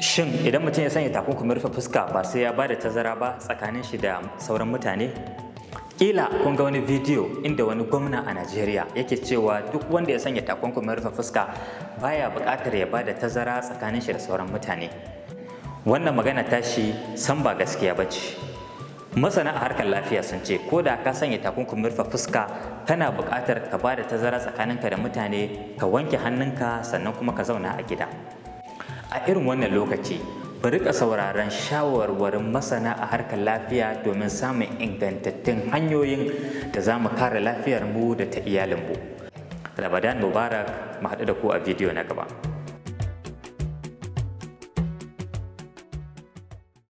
shin idan mutum ya sanya takunkumin rufe fuska ba sai ya ba da tazara ba tsakanin shi da sauran mutane kila kun ga wani bidiyo inda wani gwamna a najeriya yake cewa duk wanda ya sanya takunkumin rufe fuska baya buƙatar ya bada tazara tsakanin shi da sauran mutane wannan magana tashi san ba gaskiya ba ce masana a harkar lafiya sun ce ko da ka sanya takunkumin rufe fuska kana buƙatar ka bada da tazara tsakaninka da mutane ka wanke hannunka sannan kuma ka zauna a gida a irin wannan lokaci bari ka sauraron shawarwarin masana a harkar lafiya domin samun ingantattun hanyoyin da za mu kare lafiyarmu da ta iyalinmu. Ramadan Mubarak mu haɗu da ku a bidiyo na gaba.